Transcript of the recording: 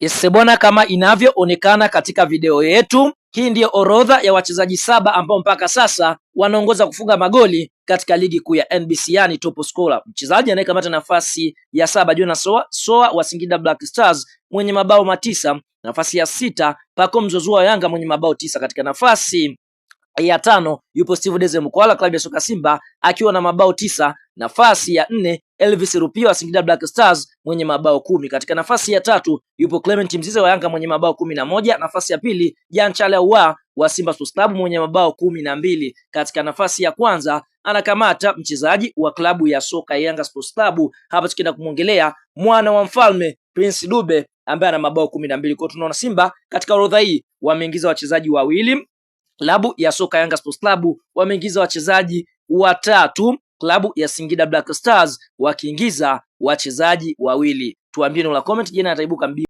Isebona, kama inavyoonekana katika video yetu hii, ndiyo orodha ya wachezaji saba ambao mpaka sasa wanaongoza kufunga magoli katika ligi kuu ya NBC, yani top scorer. Mchezaji anayekamata nafasi ya saba Jonas Soa, Soa wa Singida Black Stars mwenye mabao matisa. Nafasi ya sita Pacome Zouzoua wa Yanga mwenye mabao tisa. Katika nafasi ya tano yupo Steve Deze Mkwala klabu ya soka Simba akiwa na mabao tisa. Nafasi ya nne Elvis Rupia wa Singida Black Stars mwenye mabao kumi. Katika nafasi ya tatu yupo Clement Mzize wa Yanga mwenye mabao kumi na moja. Nafasi ya pili Jan Chala wa wa Simba Sports Club mwenye mabao kumi na mbili. Katika nafasi ya kwanza anakamata mchezaji wa klabu ya soka Yanga Sports Club. Hapa tukienda kumwongelea mwana wa mfalme Prince Dube ambaye ana mabao kumi na mbili. Kwa tunaona Simba katika orodha hii wameingiza wachezaji wawili Klabu ya soka Yanga Sports Club wameingiza wachezaji watatu, klabu ya Singida Black Stars wakiingiza wachezaji wawili. Tuambie na la comment, jina ataibuka mbi